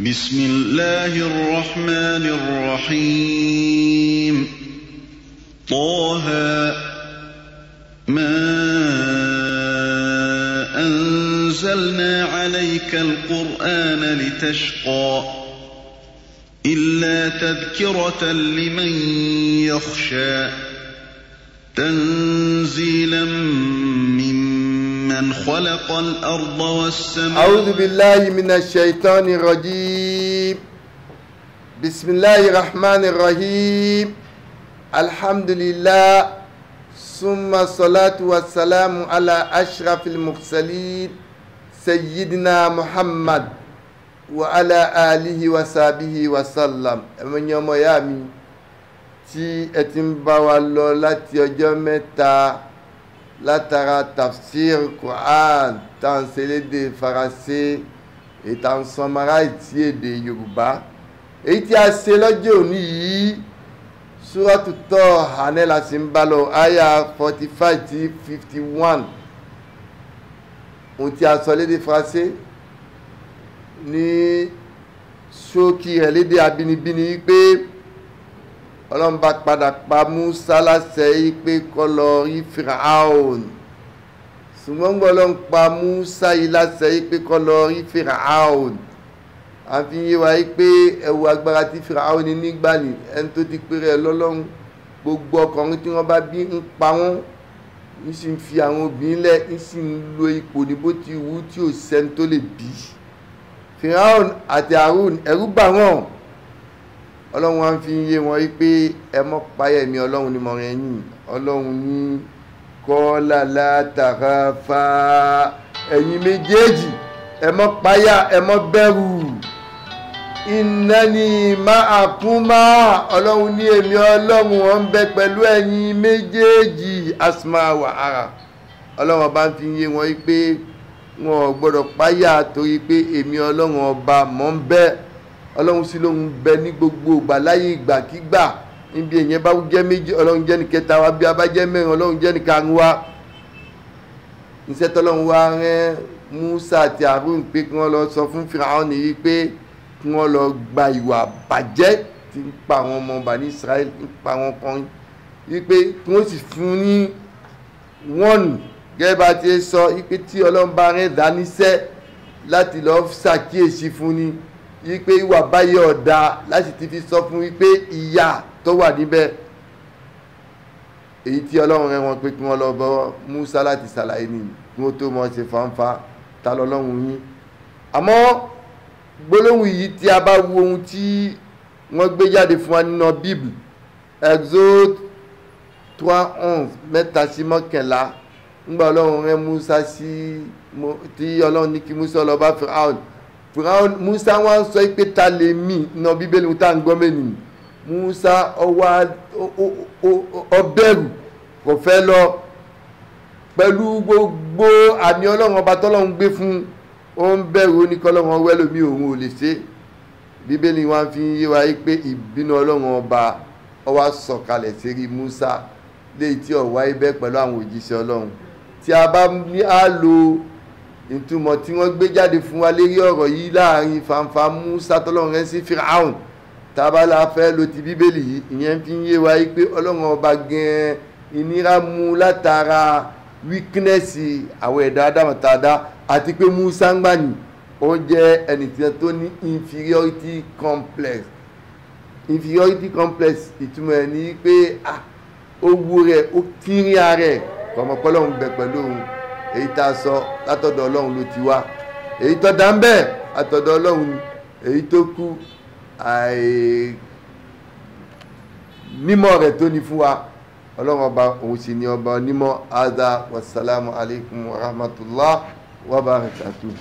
بسم الله الرحمن الرحيم طه ما أنزلنا عليك القرآن لتشقى إلا تذكرة لمن يخشى تنزيلا ممن خلق الأرض والسماء أعوذ بالله من الشيطان الرجيم بسم الله الرحمن الرحيم الحمد لله ثم الصلاة والسلام على أشرف المرسلين سيدنا محمد وعلى آله وصحبه وسلم من يوم يامي تي اتنبا ولولا تيجو látara tafsir quran tanselédè faransé ìtànsọmaráìtì èdè yorùbá èyí tí a ṣe lọ́jọ́ òní yìí súrọ́tù tọ́ hanel asimbalọ aya forty five ti fifty one ohun tí a sọ lédè faransé ní ṣókí rẹ̀ lédè abínibíni wípé ọlọ́run bá padà pa Musa láṣẹ yìí pé kó lọ rí Firaun ṣùgbọ́n gbọ́ ọlọ́run pa Musa yìí láṣẹ yìí pé kó lọ rí Firaun àfi yé wa yìí pé ẹ̀wù agbára tí Firaun ní nígbà ní ẹni tó ti péré lọ́lọ́run gbogbo ọkùnrin tí wọ́n bá bí ń pa wọ́n ń sì fi àwọn obìnrin lẹ̀ ń sì ń lo ipò ní ti wù tí ò sẹ́ni tó lè bí Firaun àti Harun ẹ̀rú bà wọ́n ọlọ́run wá ń fi yé wọn wípé ẹ mọ́ páyà mi ọlọ́run ni mo rẹ̀ yìn ọlọ́run ní kọ́lá látàrá fa ẹ̀yin méjèèjì ẹ mọ́ páyà ẹ mọ́ iná ni máa kún máa ọlọ́run ní èmi ọlọ́run wọn bẹ pẹ̀lú ẹ̀yin méjèèjì asma wa ara ọlọ́run ọba ń fi yé wọn wípé wọn ò gbọ́dọ̀ páyà torí pé èmi ọlọ́run ọba mò ń bẹ́ẹ̀ ọlọ́run sì ló ń bẹ ní gbogbo ìgbà láyé ìgbàkígbà níbi èèyàn bá jẹ́ méjì ọlọ́run jẹ́ nìkẹta wa bí a bá jẹ́ mẹ́rin ọlọ́run jẹ́ nìkarùn wa iṣẹ́ tọ́lọ́run wa rán Musa àti Harun pé kí wọ́n lọ sọ fún Firaun nìyí pé kí wọ́n lọ gba ìwà bàjẹ́ tí ń pa àwọn ọmọ ọba ní Israel ń pa àwọn kan wípé kí wọ́n sì fún ní wọ́ọ̀nù gẹ́gẹ́ bá ti sọ wípé tí ọlọ́run bá rán dá láti lọ́ọ́ ṣàkíyèsí fún ni wípé ìwà báyìí ọ̀dà láti ti fi sọ fún wípé ìyà tó wà níbẹ̀ èyí tí ọlọ́run rẹ̀ wọ́n pé kí wọ́n lọ bọ́ Musa láti ṣàlàyé ni kí wọ́n tó mọ̀ ṣe fanfa ta lọ́lọ́run yín àmọ́ gbólóhùn yìí tí a bá wo ohun tí wọ́n gbé jáde fún wa nínú bíbù Exode trois onze mẹ́ta sí mọ́kànlá ńgbà ọlọ́run rẹ̀ Musa sí tí ọlọ́run ní kí Musa lọ bá Fáráò firaun musa wọn sọ pé ta lè mí na bíbélì wọn tá à ń gbọ́ mẹ́ni musa ọwọ́ ọbẹ̀rù kò fẹ́ lọ pẹ̀lú gbogbo àmì ọlọ́run ọba tọ́lọ́run gbé fún ó ń bẹ̀rù ó ní kọ́lọ́run ọwẹ́ lómi òun ò lè ṣe bíbélì wọn fi ń yé wa yí pé ìbínú ọlọ́run ọba ó wá sọ̀kalẹ̀ sérí musa léyìí tí ọ̀wá ibẹ̀ pẹ̀lú àwọn òjíṣẹ́ ọlọ́run tí a bá ní á lo ìtumọ̀ tí wọ́n gbé jáde fún wa lérí ọ̀rọ̀ yìí láàrin fanfa musa tọ́lọ́run rẹ̀ sí firaun tábàlà fẹ́ ló ti bíbélì yìí ìyẹn fi ń yé wa pé ọlọ́run ọba gan-an ìnira mu látara wíkínẹ́sì àwọn ẹ̀dá adámọ̀tàdá àti pé musa ń gbàyìn ó jẹ́ ẹnìkan tó ní inferiority complex inferiority complex ìtumọ̀ ẹ̀ ní pé ó wú rẹ̀ ó kírí ara rẹ̀ kọ̀mọ̀kọ́lọ́hún bẹ̀ pẹ̀lú òun èyí tá a sọ látọ̀dọ̀ ọlọ́run ló ti wá èyí tó dá ń bẹ́ẹ̀ àtọ̀dọ̀ ọlọ́run ni èyí tó kú àì mímọ̀ rẹ̀ tó ní fún wa ọlọ́run ọba òun sì ni ọba onímọ̀ adha wasalaamu alaykum wa rahmatulah wa barakatuh.